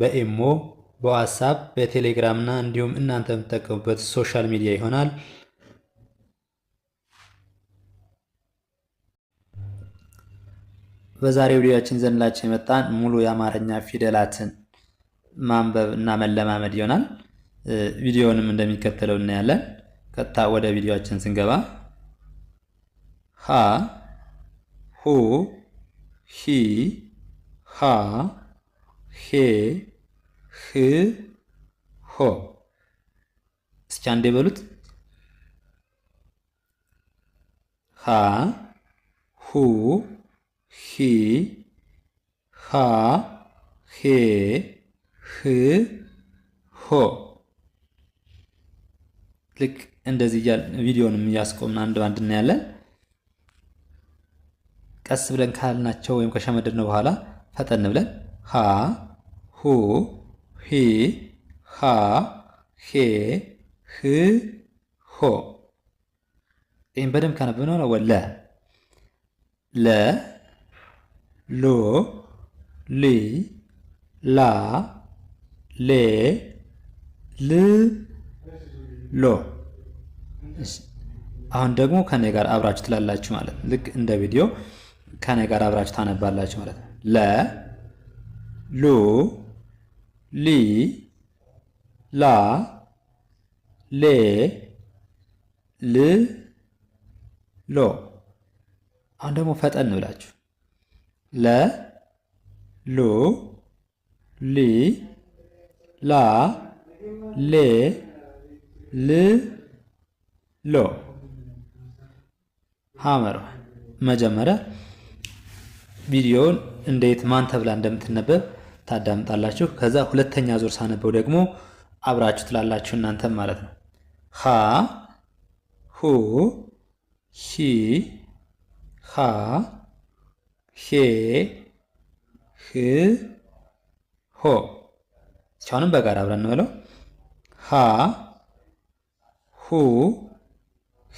በኤሞ በዋትሳፕ በቴሌግራም እና እንዲሁም እናንተ የምትጠቀሙበት ሶሻል ሚዲያ ይሆናል። በዛሬ ቪዲዮችን ዘንላችን የመጣን ሙሉ የአማርኛ ፊደላትን ማንበብ እና መለማመድ ይሆናል። ቪዲዮውንም እንደሚከተለው እናያለን። ቀጥታ ወደ ቪዲዮችን ስንገባ ሀ ሁ ሂ ሃ ሄ ህ ሆ። እስኪ አንዴ በሉት። ሀ ሁ ሂ ሃ ሄ ህ ሆ። ልክ እንደዚህ እያልን ቪዲዮንም እያስቆምን አንድ አንድ እናያለን። ቀስ ብለን ካልናቸው ወይም ከሸመደድነው በኋላ ፈጠን ብለን ሀ ሁ ሂ ሀ ሄ ህ ሆ ይህም በደንብ ካነበብነው ነው ለ ለ ሎ ሊ ላ ሌ ል ሎ አሁን ደግሞ ከኔ ጋር አብራችሁ ትላላችሁ ማለት ልክ እንደ ቪዲዮ ከኔ ጋር አብራችሁ ታነባላችሁ ማለት ነው ለ ሉ ሊ ላ ሌ ል ሎ። አሁን ደግሞ ፈጠን ብላችሁ ለ ሉ ሊ ላ ሌ ል ሎ ሀመር መጀመሪያ ቪዲዮውን እንዴት ማን ተብላ እንደምትነበብ ታዳምጣላችሁ። ከዛ ሁለተኛ ዙር ሳነበው ደግሞ አብራችሁ ትላላችሁ እናንተም ማለት ነው። ሀ ሁ ሂ ሃ ሄ ህ ሆ እስካሁንም በጋራ አብረን እንበለው ሀ ሁ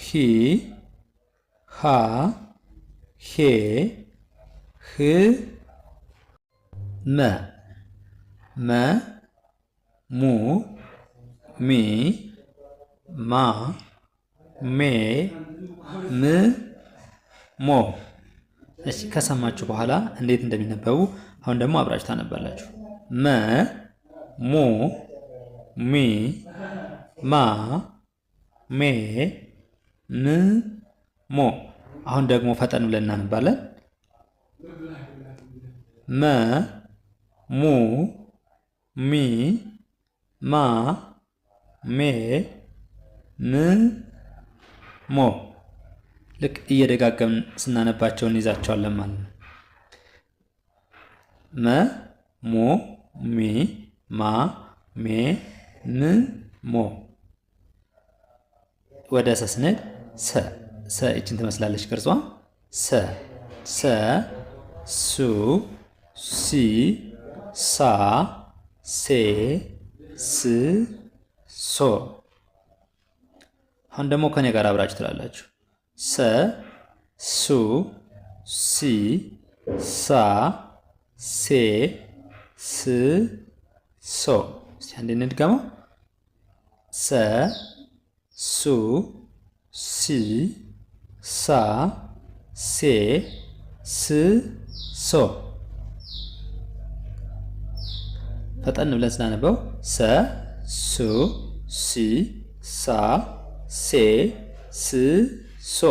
ሂ ሃ ሄ ህ መ መ ሙ ሚ ማ ሜ ም ሞ። እሺ ከሰማችሁ በኋላ እንዴት እንደሚነበቡ አሁን ደግሞ አብራችሁ ታነባላችሁ። መ ሙ ሚ ማ ሜ ም ሞ። አሁን ደግሞ ፈጠን ብለን እናነባለን። መ ሙ ሚ ማ ሜ ም ሞ ልክ እየደጋገምን ስናነባቸው እንይዛቸዋለን ማለት ነው። መ ሞ ሚ ማ ሜ ም ሞ ወደ ሰ ስንሄድ ሰ ሰ እችን ትመስላለች ቅርጿ ሰ ሰ ሱ ሲ ሳ ሴ ስ ሶ። አሁን ደግሞ ከኔ ጋር አብራችሁ ትላላችሁ። ሰ ሱ ሲ ሳ ሴ ስ ሶ። እስቲ አንዴ እንድገመው። ሰ ሱ ሲ ሳ ሴ ስ ሶ ፈጠን ብለን ስናነበው ሰ ሱ ሲ ሳ ሴ ስ ሶ።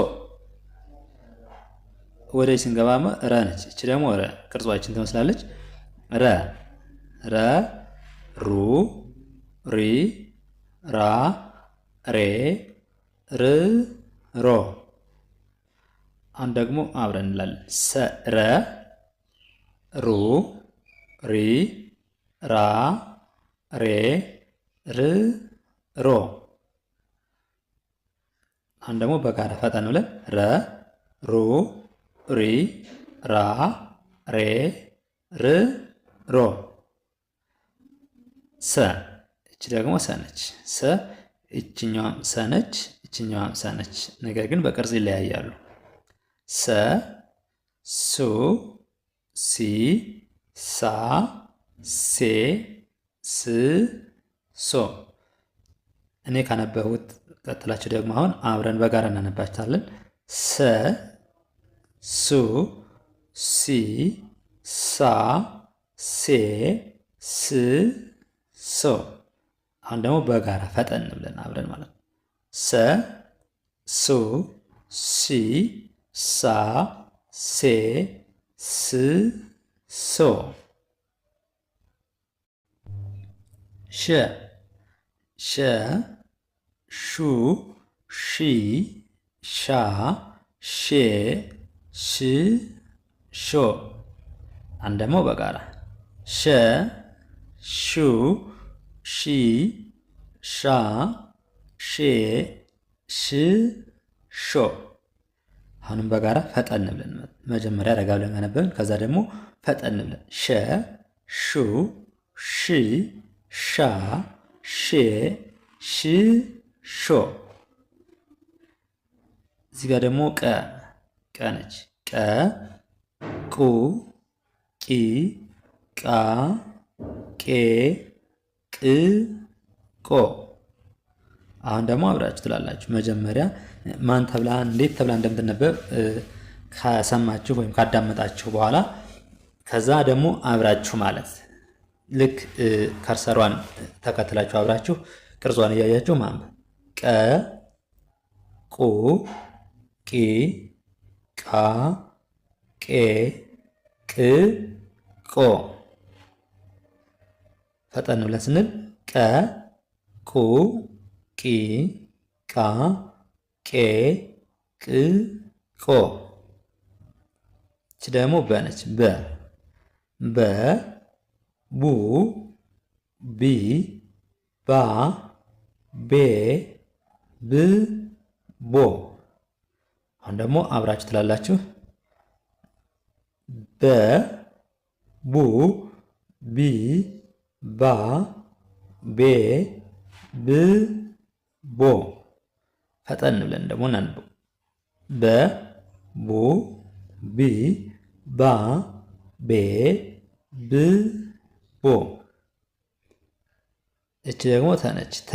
ወደዚህ ስንገባ ረ ነች። እች ደግሞ ረ ቅርጿችን ትመስላለች። ረ ረ ሩ ሪ ራ ሬ ር ሮ። አሁን ደግሞ አብረን እንላለን ሰ ረ ሩ ሪ ራ ሬ ር ሮ አሁን ደግሞ በጋራ ፈጠን ብለን ረ ሩ ሪ ራ ሬ ር ሮ ሰ እች ደግሞ ሰ ነች። ሰ እችኛዋም ሰነች እችኛዋም ሰ ነገር ግን በቅርጽ ይለያያሉ። ሰ ሱ ሲ ሳ ሴ ስ ሶ። እኔ ካነበሁት ቀጥላችሁ ደግሞ አሁን አብረን በጋራ እናነባችኋለን። ሰ ሱ ሲ ሳ ሴ ስ ሶ። አሁን ደግሞ በጋራ ፈጠን ብለን አብረን ማለት ነው። ሰ ሱ ሲ ሳ ሴ ስ ሶ ሸ ሸ ሹ ሺ ሻ ሼ ሽ ሾ አንድ ደግሞ በጋራ ሸ ሹ ሺ ሻ ሼ ሽ ሾ አሁንም በጋራ ፈጠን ብለን መጀመሪያ ረጋ ብለን መነበብን ከዛ ደግሞ ፈጠን ብለን ሸ ሹ ሺ ሻ ሼ ሽ ሾ። እዚህ ጋር ደግሞ ቀ ቀ ነች። ቀ ቁ ቂ ቃ ቄ ቅ ቆ። አሁን ደግሞ አብራችሁ ትላላችሁ። መጀመሪያ ማን ተብላ እንዴት ተብላ እንደምትነበብ ከሰማችሁ ወይም ካዳመጣችሁ በኋላ ከዛ ደግሞ አብራችሁ ማለት ልክ ከርሰሯን ተከትላችሁ አብራችሁ ቅርጿን እያያችሁ ማንበብ ቀ ቁ ቂ ቃ ቄ ቅ ቆ ፈጠን ብለን ስንል ቀ ቁ ቂ ቃ ቄ ቅ ቆ ደግሞ በነች በ በ ቡ ቢ ባ ቤ ብ ቦ። አሁን ደግሞ አብራችሁ ትላላችሁ። በ ቡ ቢ ባ ቤ ብ ቦ። ፈጠን ብለን ደግሞ እናንበው። በ ቡ ቢ ባ ቤ ብ ቡ እቺ ደግሞ ተነች ተ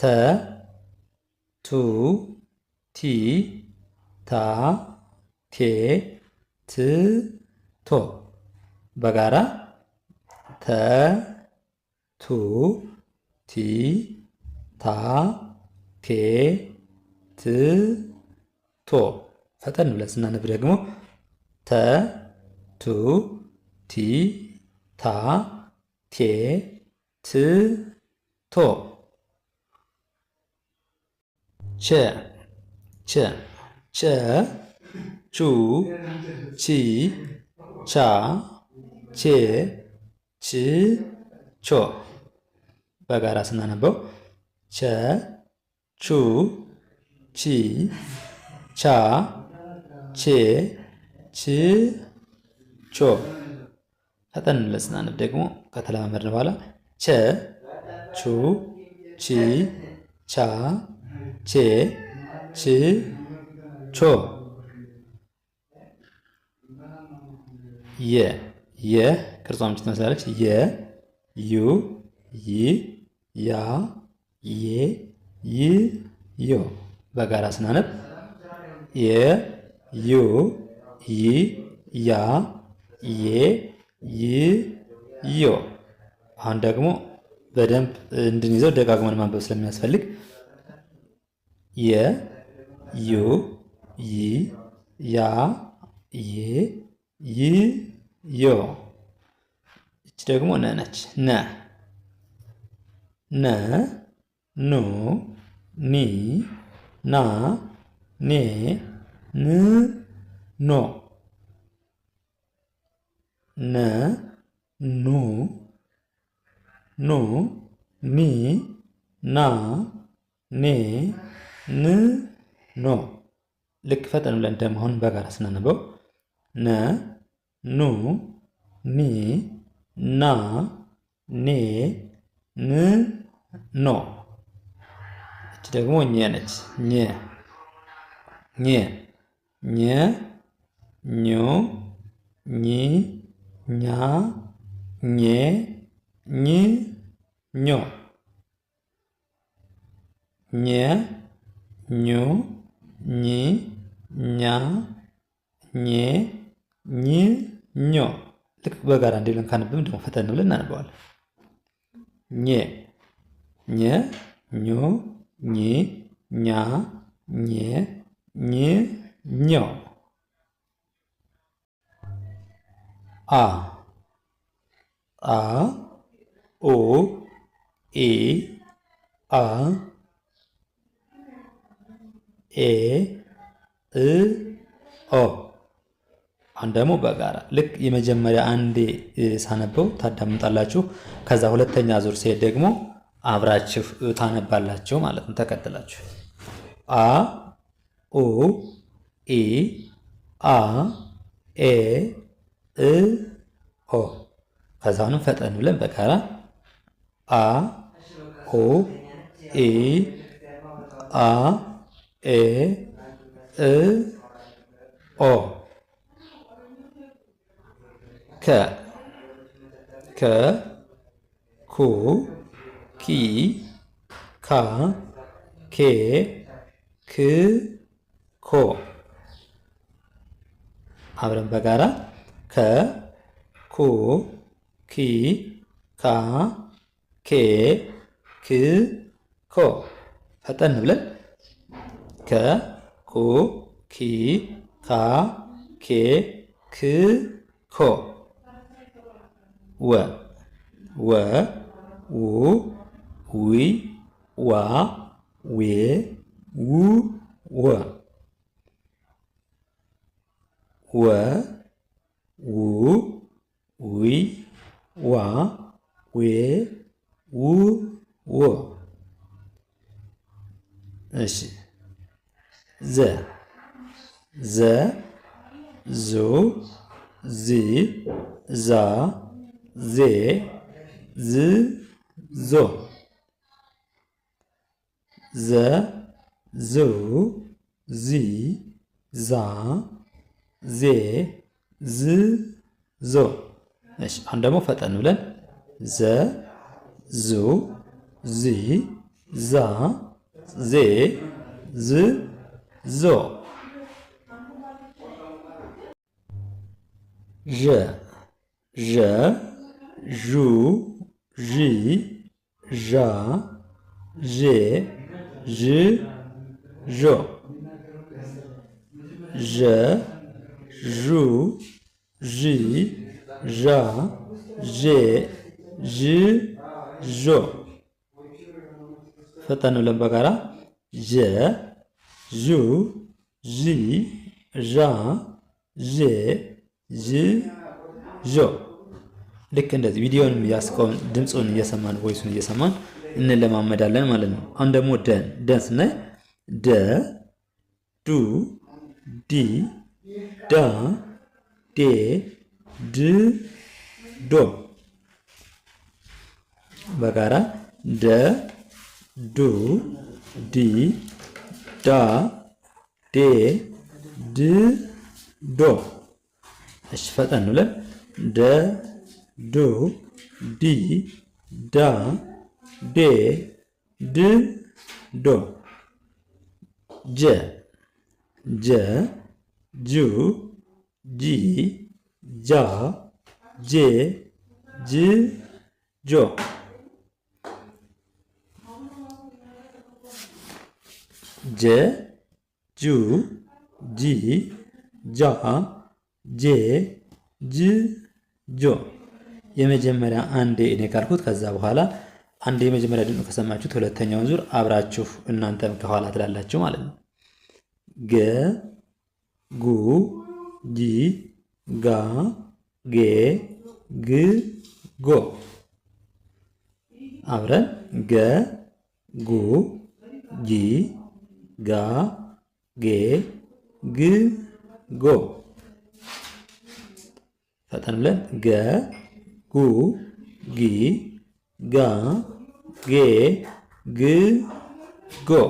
ተ ቱ ቲ ታ ቴ ት ቶ በጋራ ተ ቱ ቲ ታ ቴ ት ቶ ፈጠን ብለን ስናነብ ደግሞ ተ ቱ ቲ 다, 티, 트, 토. 체, 체, 체, 주, 지, 자, 제, 지, 초. በጋራ ስናነበው ቸ፣ ቹ፣ ቺ፣ ቻ፣ ቼ፣ ች፣ ቾ ፈጠን ብለን ስናነብ ደግሞ ከተለማመድን በኋላ ቸ፣ ቹ፣ ቺ፣ ቻ፣ ቼ፣ ቺ፣ ቾ፣ የ የ ቅርጿ ምች ትመስላለች። የ፣ ዩ፣ ይ፣ ያ፣ የ ይ፣ ዮ በጋራ ስናነብ የ፣ ዩ፣ ይ፣ ያ፣ የ ይዮ። አሁን ደግሞ በደንብ እንድንይዘው ደጋግመን ማንበብ ስለሚያስፈልግ የ ዩ ይ ያ ይ ይ ዮ። እች ደግሞ ነ ነች። ነ ነ ኑ ኒ ና ኔ ን ኖ ነ ኑ ኑ ኒ ና ኔ ን ኖ ልክ ፈጠን ብለን እንደመሆን በጋራ ስናነበው ነ ኑ ኒ ና ኔ ን ኖ እች ደግሞ ኘ ነች። ኘ ኘ ኘ ኞ ኚ ኛ ኜ ኝ ኞ ኘ ኙ ኚ ኛ ኜ ኝ ኞ ልክ በጋራ እንዲህ ብለን ካነበብን ደግሞ ፈተን ብለን እናነበዋለን። ኘ ኘ ኙ ኚ ኛ ኜ ኝ ኞ አ አ ኦ ኤ አ ኤ እ ኦ አሁን ደግሞ በጋራ ልክ የመጀመሪያ አንዴ ሳነበው ታዳምጣላችሁ። ከዛ ሁለተኛ ዙር ሲሄድ ደግሞ አብራችሁ ታነባላችሁ ማለት ነው። ተከትላችሁ አ ኦ ኤ አ ኤ እ ኦ ከዛ ፈጠን ብለን በጋራ አ ኦ ኤ አ ኤ እ ኦ ከ ከ ኩ ኪ ካ ኬ ክ ኮ አብረን በጋራ ከ ኩ ኪ ካ ኬ ክ ኮ ፈጠን ብለን ከ ኩ ኪ ካ ኬ ክ ኮ ወ ወ ው ዊ ዋ ዌ ው ወ ወ wu, wi, wa, we, wu, wo. 那是 z z z z z z z z z z z z ዝ ዞ። እሺ አሁን ደግሞ ፈጠን ብለን ዘ ዙ ዚ ዛ ዜ ዝ ዞ ዠ ዠ ዡ ዢ ዣ ዤ ዥ ዦ ዠ ዡ ዢ ዣ ዤ ዥ ዦ ፈጠን ብለን በጋራ ዤ ዡ ዢ ዣ ዤ ዥ ዦ ልክ እንደዚህ ቪዲዮንም ያስቀውን ድምፁን እየሰማን ወይሱን እየሰማን እንለማመዳለን ማለት ነው። አሁን ደግሞ ደን ደን ስናይ ደ ዱ ዲ ዳ ዴ ድ ዶ በጋራ ደ ዱ ዲ ዳ ዴ ድ ዶ። እሺ ፈጠን ብለን ደ ዱ ዲ ዳ ዴ ድ ዶ ጀ ጀ ጁ ጂ ጃ ጄ ጅ ጆ ጀ ጁ ጂ ጃ ጄ ጅ ጆ የመጀመሪያ አንዴ እኔ ካልኩት ከዛ በኋላ አንድ የመጀመሪያ ድምፅ ከሰማችሁት ሁለተኛውን ዙር አብራችሁ እናንተም ከኋላ ትላላችሁ ማለት ነው። ገ ጉ ጂ ጋ ጌ ግ ጎ አብረን ገ ጉ ጂ ጋ ጌ ግ ጎ ፈጠን ብለን ገ ጉ ጊ ጋ ጌ ግ ጎ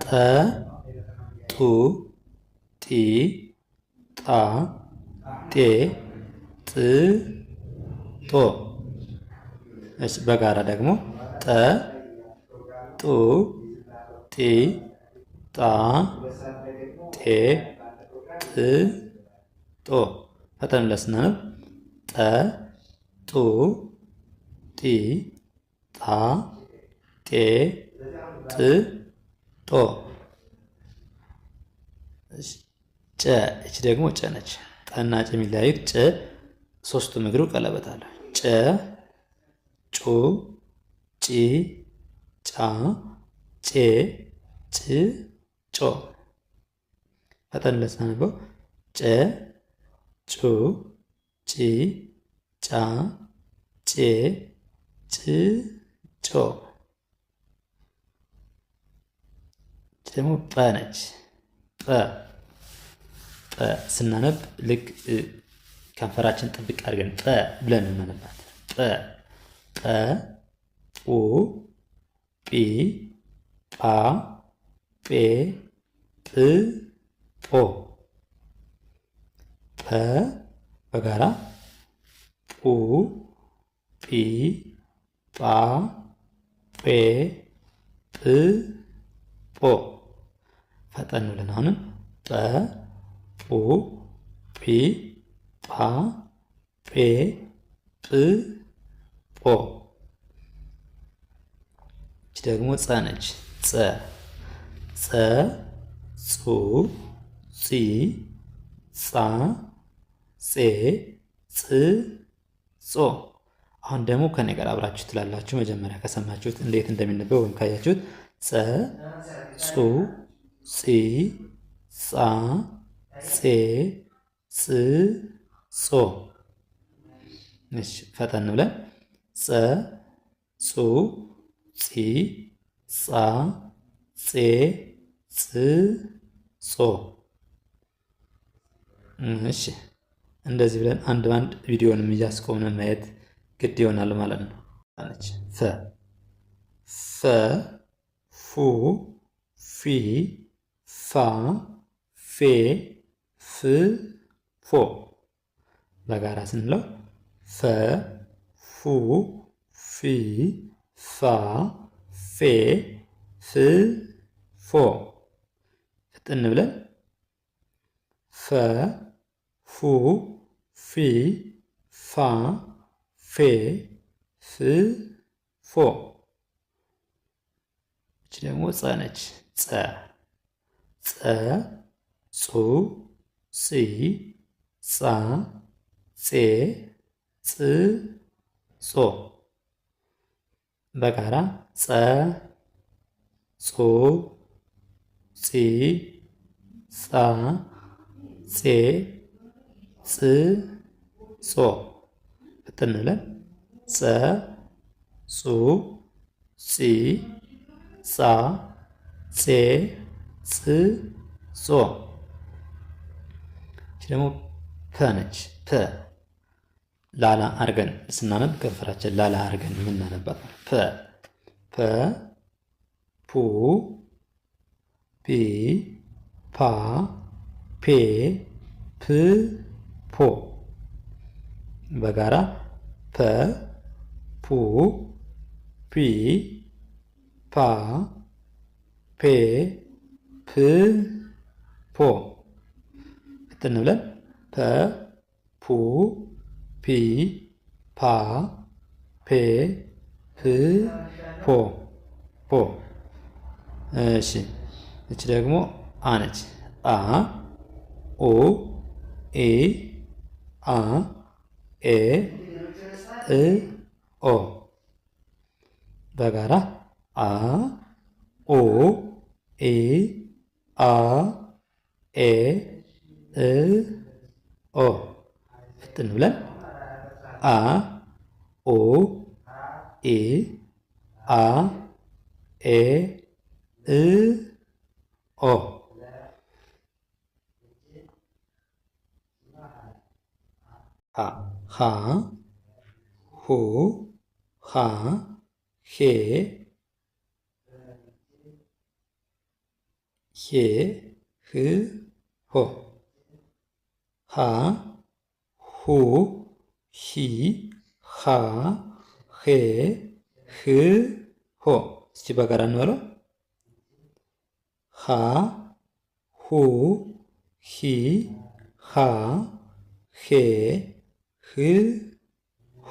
ጠ ጡ ጢ ጣ ጤ ጥ ጦ። እሺ በጋራ ደግሞ ጠ ጡ ጢ ጣ ጤ ጥ ጦ። ፈጠን ብለን ስናነብ ጠ ጡ ጢ ጣ ጤ ጥ ጦ ጨ እች ደግሞ ጨ ነች። ጠና ጭ የሚለያዩት ጨ ሶስቱ እግሩ ቀለበት አለ። ጨ ጩ ጪ ጫ ጬ ጭ ጮ። ፈጠን ብለን ጨ ጩ ጪ ጫ ጬ ጭ ጮ። ደግሞ ጰ ነች። ጠ ስናነብ ልክ ከንፈራችን ጥብቅ አድርገን ጠ ብለን እናነባት። ጠ ጠ ጡ ጲ ጳ ጴ ጥ ጶ ጠ በጋራ ጡ ጲ ጳ ጴ ጥ ጶ ፈጠን ብለን አሁንም ጠ ጡ ጲ ጳ ጴ ጵ ጶ እች ደግሞ ጸ ነች። ጸ ጸ ጹ ጺ ጻ ጼ ጽ ጾ አሁን ደግሞ ከኔ ጋር አብራችሁ ትላላችሁ። መጀመሪያ ከሰማችሁት እንዴት እንደሚነበብ ወይም ካያችሁት ጸ ጹ ፂ ጻ ፄ ፅ ጾ እሺ ፈጠን ብለን ፀ ጹ ፂ ጻ ፄ ፅ ጾ እሺ እንደዚህ ብለን አንድ ባንድ ቪዲዮንም እያስቆምን ማየት ግድ ይሆናል ማለት ነው። ፈ ፈ ፉ ፊ ፋ ፌ ፍ ፎ በጋራ ስንለው ፈ ፉ ፊ ፋ ፌ ፍ ፎ ፍጥን ብለን ፈ ፉ ፊ ፋ ፌ ፍ ፎ እች ደግሞ ፀ ነች ፀ ፀ ጹ ጺ ጻ ጼ ጽ ጾ በጋራ ፀ ጾ ጺ ጻ ጼ ጽ ጾ ብትን ብለን ፀ ጹ ጺ ጻ ጼ ጽ ጾ ይች ደግሞ ፐ ነች። ፐ ላላ አርገን ስናነብ ከንፈራችን ላላ አርገን የምናነባት ፐ ፐ ፑ ፒ ፓ ፔ ፕ ፖ በጋራ ፐ ፑ ፒ ፓ ፔ ፕፖ ቀጥን ብለን ፐ ፑ ፒ ፓ ፔ ፕ ፖ ፖ እሺ እቺ ደግሞ አነች አ ኦ ኤ አ ኤ እ ኦ በጋራ አ ኦ ኤ አ ኤ እ ኦ ፍጥን ብለን አ ኦ ኢ አ ኤ እ ኦ ሀ ሀ ሁ ሀ ሄ ሄ ህ ሆ ሃ ሁ ሂ ሃ ሄ ህ ሆ። እስቲ በጋራ እንበለው። ሃ ሁ ሂ ሃ ሄ ህ ሆ።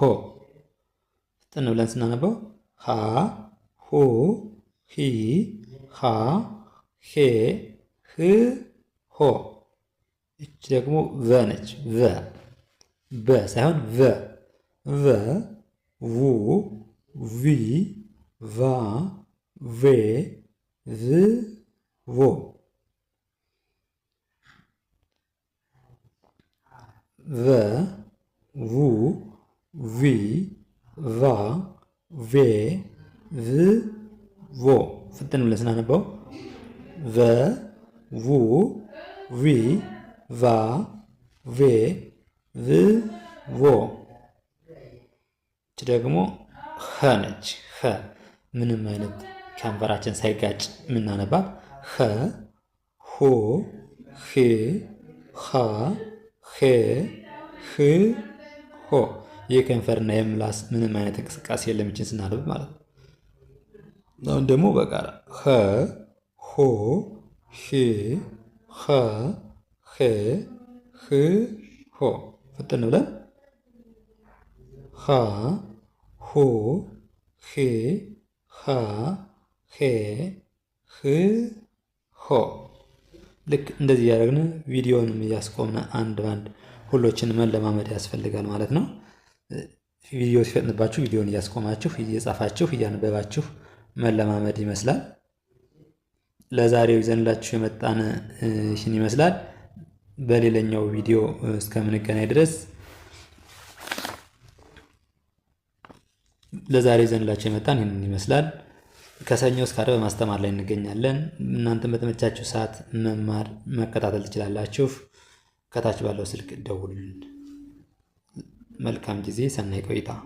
ፈጠን ብለን ስናነበው ሃ ሁ ሂ ሃ ሄ ህ ሆ እች ደግሞ ቨ ነች። ቨ በ ሳይሆን ቨ ቨ ዉ ቪ ቫ ቬ ቭ ቮ ቨ ዉ ቪ ቫ ቬ ቭ ቮ ፍጥን ብለን ስናነበው ቨ ቡ ቪ ቫ ቬ ቭ ቮ። እች ደግሞ ኸ ነች። ኸ ምንም አይነት ከንፈራችን ሳይጋጭ የምናነባት ኸ ሁ ሂ ሀ ሄ ህ ሆ። የከንፈርና የምላስ ምንም አይነት እንቅስቃሴ የለም። ይችን ስናነብ ማለት ነው። አሁን ደግሞ በጋራ ኸ ሁ ሂ ኸ ሄ ህ ሆ ፍጥን ብለን ሀ ሁ ሂ ሃ ሄ ህ ሆ ልክ እንደዚህ እያደረግን ቪዲዮንም እያስቆምን አንድ በአንድ ሁሎችን መለማመድ ያስፈልጋል ማለት ነው። ቪዲዮ ሲፈጥንባችሁ ቪዲዮን እያስቆማችሁ እየጻፋችሁ እያነበባችሁ መለማመድ ይመስላል። ለዛሬው ይዘንላችሁ የመጣን ይህን ይመስላል። በሌላኛው ቪዲዮ እስከምንገናኝ ድረስ ለዛሬ ይዘንላችሁ የመጣን ይህንን ይመስላል። ከሰኞ እስከ ዓርብ በማስተማር ላይ እንገኛለን። እናንተም በተመቻችሁ ሰዓት መማር መከታተል ትችላላችሁ። ከታች ባለው ስልክ ደውሉልን። መልካም ጊዜ፣ ሰናይ ቆይታ